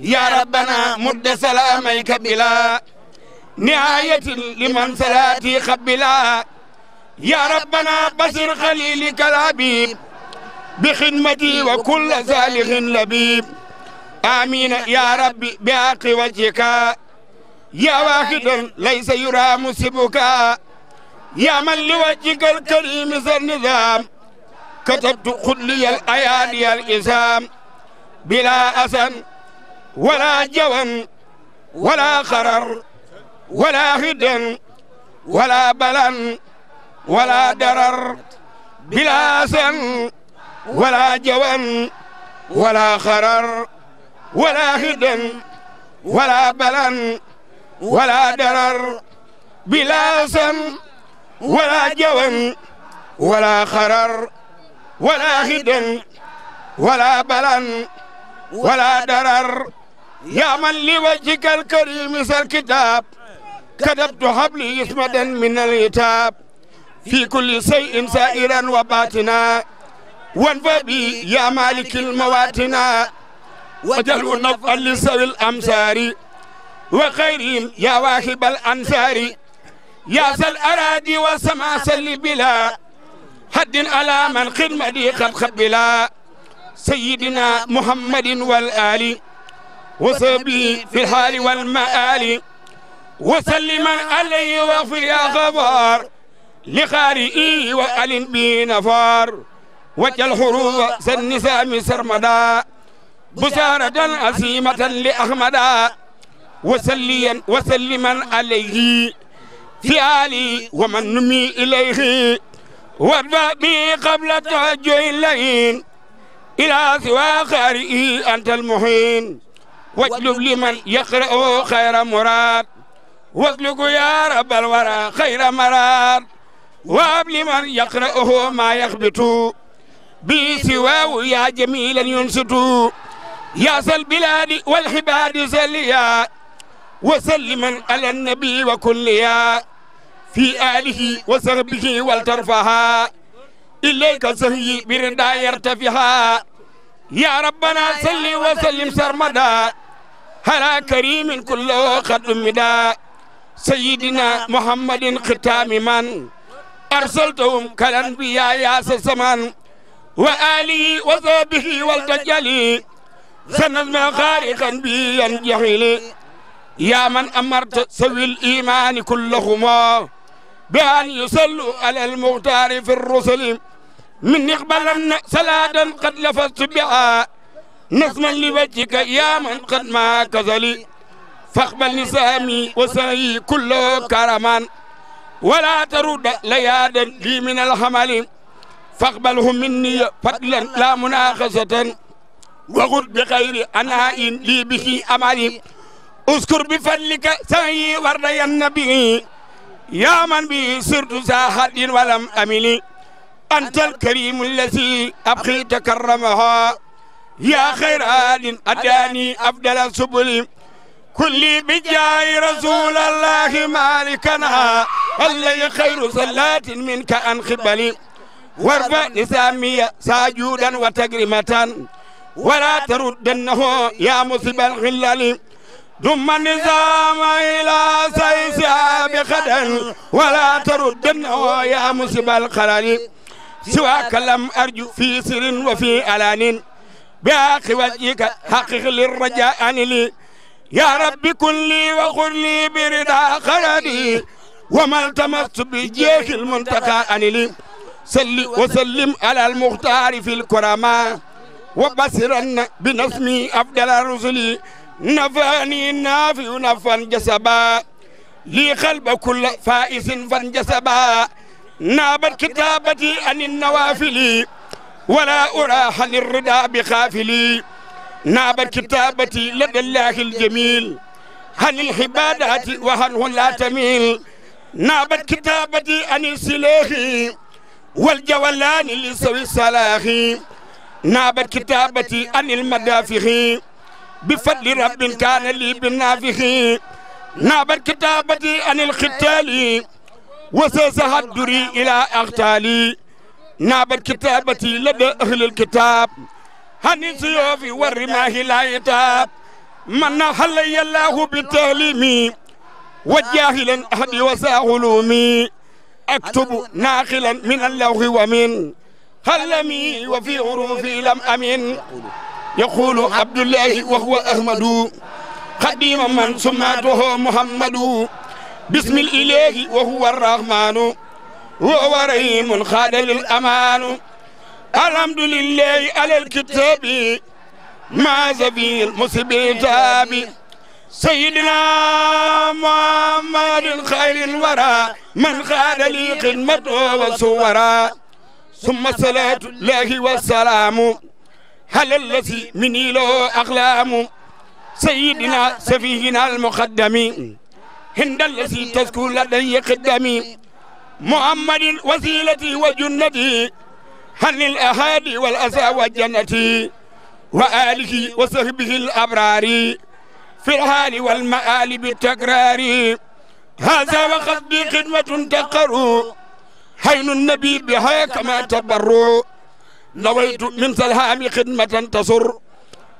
يا ربنا مد سلاميك بلا نهاية لمن صلاتي خبلا يا ربنا بصر خليلك الحبيب بخدمتي وكل سالخ لبيب آمين يا ربي بحق وجهك يا واحدا ليس يرى مسبك يا من لوجهك الكريم ذا النظام كتبت خلي الأيادي الإسام بلا أسن ولا جوم ولا خرر ولا هدم ولا بلن ولا درر بلا سن ولا جوم ولا خرر ولا هدم ولا بلن ولا درر بلا سم ولا جوم ولا خرر ولا هدم ولا بلن ولا درر يا من لوجهك الكريم الكتاب كتبت حبلي اسمدا من الكتاب في كل شيء سائرا وباتنا وانفبي يا مالك المواتنا وجل نفعا لسوي الامصار وخير يا واهب الانصار يا سل اراضي وسما سل بلا حد على من خدمتي قد خبلا سيدنا محمد والآل وصبي في الحال والمآل وسلم عليه واغفر يا غفار لخارئي وألن به نفار وجل حروب سنسام سرمدا بسارة عزيمة لأحمدا وسليا وسلما عليه في آلي ومن نمي إليه وارضى به قبل توجه اللئيم إلى سوى خارئي أنت المحين واجلب لمن يقرأ خير مراد واسلك يا رب الورى خير مراد واب لمن يقرأه ما يخبط بسواه يا جميلا ينسط يا سل بلادي والحباد سليا وسلما على النبي وكليا في آله وصحبه والترفها إليك سهي بردا يرتفها يا ربنا سل وسلم سرمدا على كريم كله قد مدى سيدنا محمد ختام من أرسلتهم كالأنبياء يا سسمان وآله وصحبه والتجلي سنزم خارقا بينجحل يا من أمرت سوي الإيمان كلهما بأن يصلوا على المختار في الرسل من يقبلن صلاة قد لفظت بها نسما لوجهك يا من قد ما كزلي فاقبل نسامي وسعي كله كرما ولا ترد ليادا لي من الحمل فاقبله مني فضلا لا مناقشة وغد بغير أناء لي به أمل اذكر بفضلك سعي وردي النبي يا من به سرت زاهد ولم أمل أنت الكريم الذي أبقي تكرمها يا خير آل أتاني أفضل سبل كل بجاي رسول الله مالكنا الذي خير صلاة منك أن خبلي وارفع لسامي ساجودا وتكريمة ولا تردنه يا مصيب الخلال ثم النظام إلى سيسها بخدا ولا تردنه يا مصيب الخلال سواك لم أرجو في سر وفي علان بحق وجهك حقق للرجاء لي يا رب كن لي وغر لي برضا خلدي وما التمست بجيش المنتقى لي سل وسلم على المختار في الكرماء وبصرن بنسمي أفضل الرسل نفاني نافي نفا جسبا لي قلب كل فائز فانجسبا نابت كتابتي عن النوافل ولا أراح للردى بخافلي نابت كتابتي لدى الله الجميل عن الحبادات وعنه لا تميل نابت كتابتي عن السلاح والجولان لسوي الصلاح نابت كتابتي عن المدافع بفضل رب كان لي بالنافخ نابت كتابتي عن الختال وسيسها الدري إلى أغتالي نابت كتابتي لدى أهل الكتاب هني سيوفي ورماه لا يتاب من حلي الله بتعليمي وجاهلا أهدي وسع علومي أكتب ناقلا من الله ومن خلمي وفي عروفي لم أمن يقول عبد الله وهو أحمد خديم من سماته محمد بسم الإله وهو الرحمن وهو رحيم خاد للأمان الحمد لله على الكتاب ما زبي المصيب تابي سيدنا محمد خير الورى من خاد لي خدمته وصورا ثم صلاة الله والسلام على الذي مني له أقلام سيدنا سفيهنا المقدم عند الذي تذكر لدي قدمي محمد وسيلتي وجنتي هن الأهادي والأسى والجنة وآله وصحبه الأبرار في الحال والمآل بالتكرار هذا وقصدي خدمة تقر حين النبي بها كما تبر نويت من سلهام خدمة تصر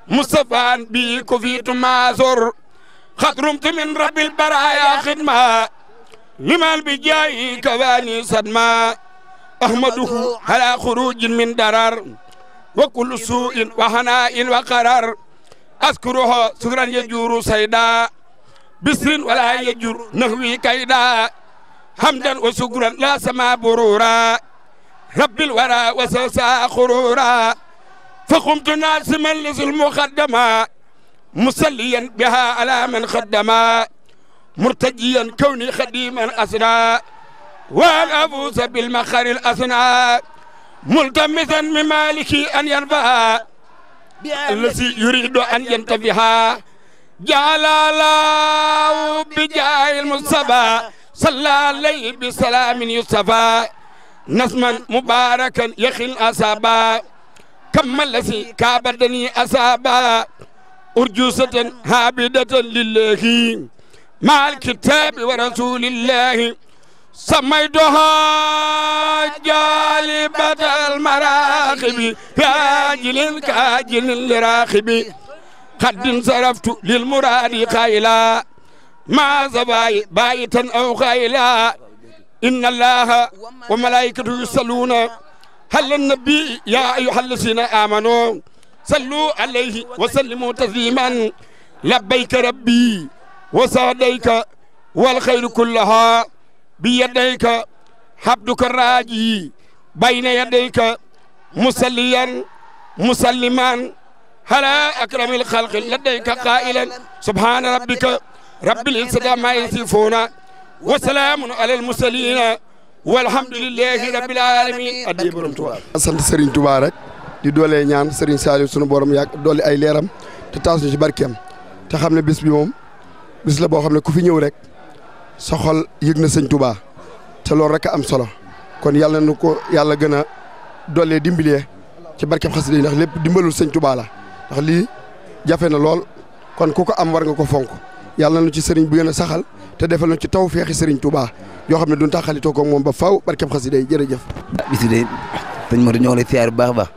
مصطفى بي كفيت ما زر خطرمت من رب البرايا خدمه limal bi jaayi kawaani sadma ahmaduhu ala xurujin min darar wa kullu suin wa hanain wa qarar askuruhu sudran yajuru sayda bisrin wala yajur nahwi kayda hamdan wa sugran la sama burura rabbil wara wa sasa khurura fa qumtu nasiman lisul muqaddama musalliyan biha ala man qaddama مرتجيا كوني خديما أسنى والأفوز بالمخر الأسنى ملتمسا من مالكي أن ينفع الذي يريد أن ينتفها جعل الله بجاه المصطفى صلى عليه بسلام يصفى نسما مباركا يخي الأصابا كم الذي كابدني أصابا أرجوسة هابدة لله مع الكتاب ورسول الله سميتها جالبة المراقب كاجل كاجل لراقب قد انصرفت للمراد قائلا ما زباي بايتا أو قائلا إن الله وملائكته يصلون هل النبي يا أيها الذين آمنوا صلوا عليه وسلموا تسليما لبيك ربي وسعديك والخير كلها بيديك حبدك الراجي بين يديك مسليا مسلما على أكرم الخلق لديك قائلا سبحان ربك رب العزة ما يصفون وسلام على المرسلين walhamdulilahi rabbil alamin addi borom Touba sant Serigne Touba rek di doolee ñaan Serigne Saliou sunu borom yàgg doole ay leeram te taas ñu ci barkeem te xam ne bis bi moom bis la boo xam ne ku fi ñëw rek sa xol yëg na sëñ tubaa te loolu rek a am solo kon yàlla na ko yàlla gën a doolee dimbalee ci barkeb xasida yi ndax lépp dimbalul sëñ tubaa la ndax lii jafe na lool kon ku ko am war nga ko fonk yàlla na ci sëriñ bu gën a saxal te defal na ci taw feexi sëriñ tubaa yoo xam ne duñ taxalitoo ko moom ba faw barkeb xasida yi jërëjëf. bis de sëñ Modou ñoo lay siyaar bu baax a baax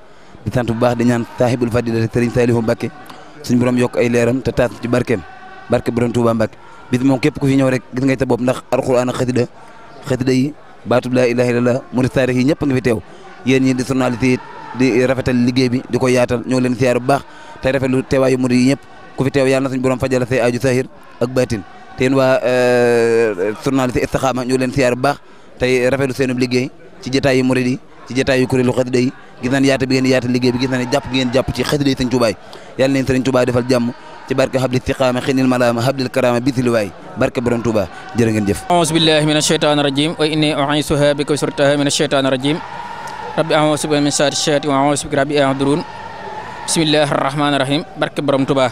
di sant bu baax di ñaan saahibul fadila sëriñ Saliou Mbacké suñu borom yokk ay leeram te taas ci barkeem. barke Borom Touba Mbacke bis moom képp ku fi ñëw rek gis ngay ta bopp ndax alxuraan a xasida xasida yi baatub laa ilaaha illallah murid taarix yi ñëpp nga fi teew yéen ñi di journalité di rafetal liggéey bi di ko yaatal ñoo leen siyaar bu baax tey rafetlu teewaayu murid yi ñëpp ku fi teew yàlla na suñu borom fajala say aaju sahir ak baatin te yéen waa euh, journalité Istikhama ñoo leen siyaar bu baax tey rafetlu seenub liggéey ci jotaayu murid yi ci jotaayu kuréelu xasida yi gis nañ yaata bi ngeen yaata liggéey bi gis nañ jàpp ngeen jàpp ci xasida yi Sëriñ Tuubaa yàlla nañ Sëriñ Tuubaa defal jàmm ci barke habli tiqaama xinil malaama hablil karaama bitiliwaay barke borom Touba jërë ngeen jëf aouzu billahi min asheytaan rajim wa inni u'aysuha bika wa surtaha min asheytaan rajim rabbi aouzu bika min shaari shayaati wa aouzu bika rabbi yahdurun bismillahi rahmaani rahim barke borom Touba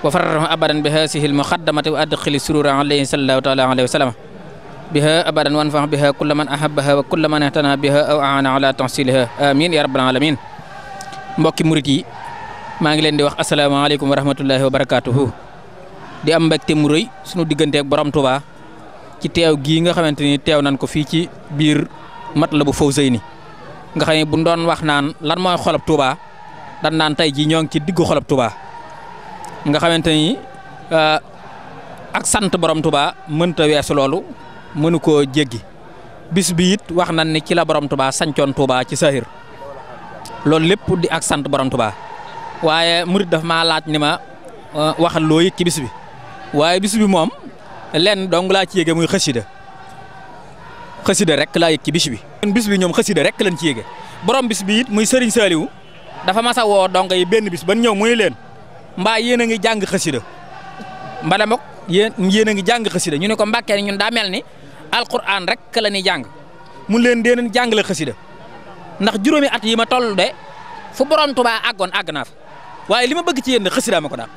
wa farrahum abadan bi haasihi almuqaddamati wa adxili surura alayhi sallallahu taala alayhi wa biha abadan wanfa biha kulla man ahabbaha wa kulla maa ngi leen di wax asalaamaaleykum wa rahmatullahi wa barakaatuhu di am mbégte mu rëy sunu digganteeg borom Touba ci teew gii nga xamante ni teew nañ ko fii ci biir mat la bu Matlabul Fawzayni nga xam ne bu doon wax naan lan mooy xolab Touba dan naan tey jii ñoo ngi ci diggu xolab Touba nga xamante ni euh, ak sant borom Touba mënta weesu loolu mënu ko jéggi bis bi it wax nañ ni ci la borom Touba sancoon Touba ci sahir loolu lépp di ak sant borom Touba. waaye murit daf maa laaj ni ma waxal loo yëg ci bis bi waaye bis bi moom lenn dong laa ci yége muy xasida xasida rek laa yëg ci bis bi. bis bi ñoom xasida rek lañ ci yége borom bis bi it muy Serigne Saliou dafa mas a woo dong yi benn bis ban ñëw muy leen mbaa yéen a ngi jàng xasida mba dem ak yéen yéen a ngi jàng xasida ñu ne ko mbàkkee ñun daa mel ni alquran rek la ñuy jàng mu leen dee leen jàngale xasida ndax juróomi at yi ma toll de fu borom Tuubaa àggoon naa waaye li ma bëgg ci yéen xasida ma ko dàq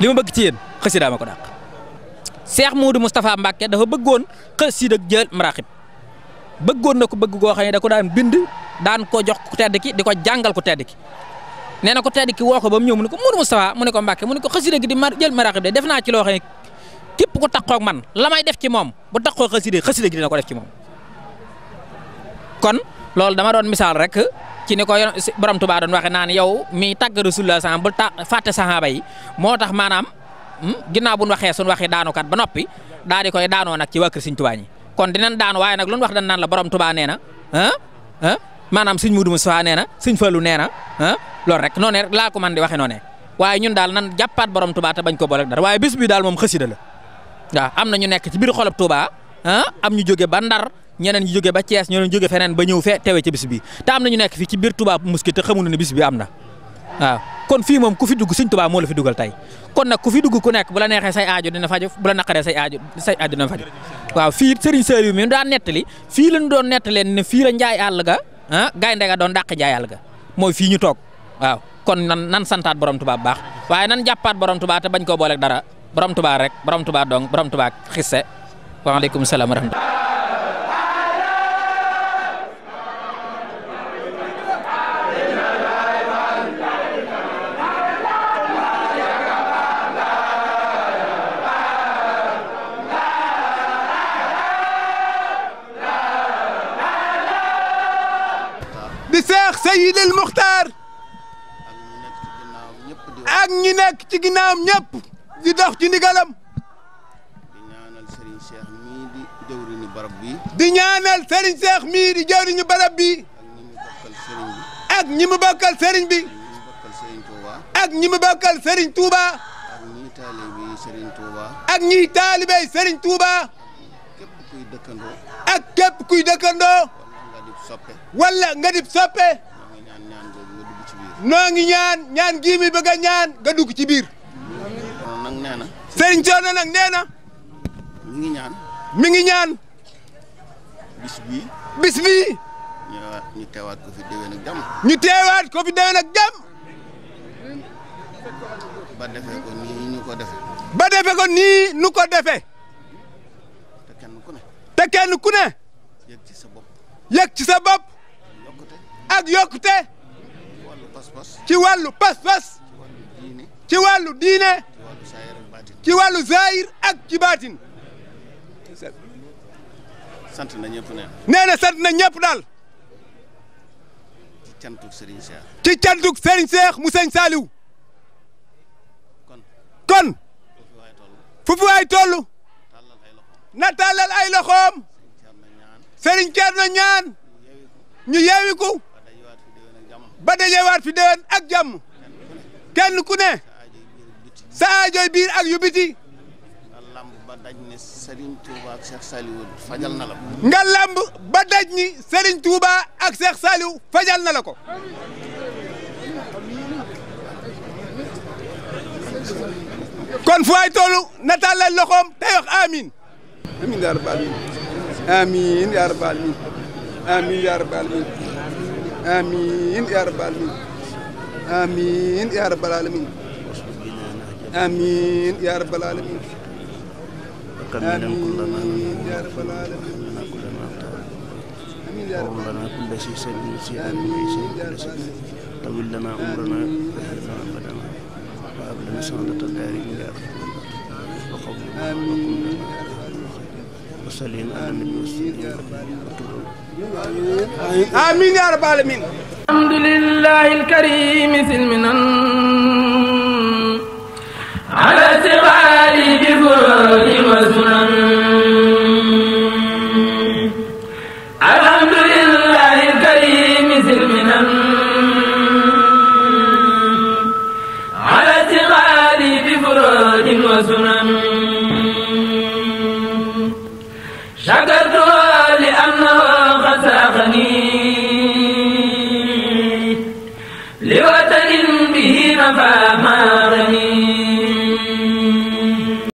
li ma bëgg ci yéen xasida ma ko dàq Cheikh Moudou Moustapha Mbacke dafa bëggoon xasida ak jël maraaxib bëggoon na ko bëgg goo xam ne da ko daan bind daan ko jox ku tedd ki di ko jàngal ku tedd ki nee na ku tedd ki woo ko ba mu ñëw mu ne ko Moudou Moustapha mu ne ko Mbacke mu ne ko xasida gi di jël maraaxib de def naa ci loo xam ne képp ku taxoo man lamay def ci moom bu taxoo xasida xasida gi dina ko def ci moom kon loolu dama doon misaal rek. ci ni ko borom Tuubaa doon waxee naan yow mi tàgg Rasulullah sa bul ta fàtte saxaaba yi moo tax maanaam hmm, ginnaaw bu ñu waxee suñu waxee kat ba noppi daal di koy daanoo nak ci waa kër Sëñ Tuubaa ñi kon dinañ daan waaye nag lu ñu wax dañ naan la borom Tuubaa nee na ah ah maanaam Sëñ Mudu Mustafaa nee na Sëñ Fallu nee na loolu rek noonu rek laa ko mën di waxee noonu waaye ñun daal nan jàppaat borom Tuubaa te bañ ko boole dara waaye bis bi daal moom xasida la waaw am na ñu nekk ci biir xolab Tuubaa ah am ñu ba Ndar ñeneen ñu jóge ba Thiès ñeneen jóge feneen ba ñëw fe te ci bis bi te am na nekk fii ci biir Touba Mosquée te xamuñu ne bis bi am na waaw kon fii moom ku fi dugg Sëñ Touba moo la fi dugal tey kon na ku fi dugg ku nekk bu la neexee say aajo dina faju bu la naqaree say aajo say aajo dina faju waaw fii Serigne Saliou mi daan nettali fii lañu doon nettalee ne fii la njaay àll ga ah gaynde ga doon dàq njaay àll ga mooy fii ñu toog waaw kon nan nan santaat borom Touba bu baax waaye nan jàppaat borom Touba bañ koo booleeg dara borom Touba rek borom Touba dong borom Touba xisse waaleykum salaam wa ci ginnaawam bi di ñaanal Serigne Cheikh mii di jawriñu barab ak ñi mu bokkal Serigne bi. ak ñi mu bokkal Serigne Touba. ak ñi taalibey Serigne Touba. ak ñi kuy dëkkandoo. ak nga dib soppe. noo ngi ñaan ñaan gii mi bëgg ñaan nga dugg ci biir. nag nee na. Serigne Thierno nag nee na. ngi ñaan. mi ngi ñaan. bis bii. bis ñu teewaat ko fi déwén ak jàmm. ñu teewaat ko fi déwén ak jàmm. ba defee ko nii nu ko defe te kenn ku ne. kenn ku ne. ci sa bopp. ci sa bopp. ak yokkute. ci wàllu pas-pas ci wàllu diine ci wàllu zahir ak ci baatin sant na ñëpp nee na sant na ñëpp daal ci cantuk Serigne Cheikh mu sëñ Saliou kon kon fu fi waay toll na tàllal ay loxoom Serigne Thierno ñaan ñu yeewiku ba dajewaat fi déwén ak jàmm kenn ku ne sa biir ak yu biti ba daj ni Serigne Touba ak Cheikh Saliou fajal na la ko. nga lamb ba ni Serigne Touba ak Cheikh Saliou fajal na la ko. kon fu ay toll na tàllal loxoom tey wax amiin. amiin yaa rabbal aalamiin amiin yaa rabbal aalamiin amiin آمين يا رب العالمين آمين يا رب العالمين آمين يا رب العالمين آمين يا رب العالمين وهم لنا كل شيء سليم سيئا وعيسى كل شيء طول لنا عمرنا وحرنا أبدنا وهب لنا سعادة الدارين يا رب وقبلنا وكن لنا المرسلين على النبي والسلام آمين يا رب العالمين الحمد لله الكريم سلمنا على سوالي بفرد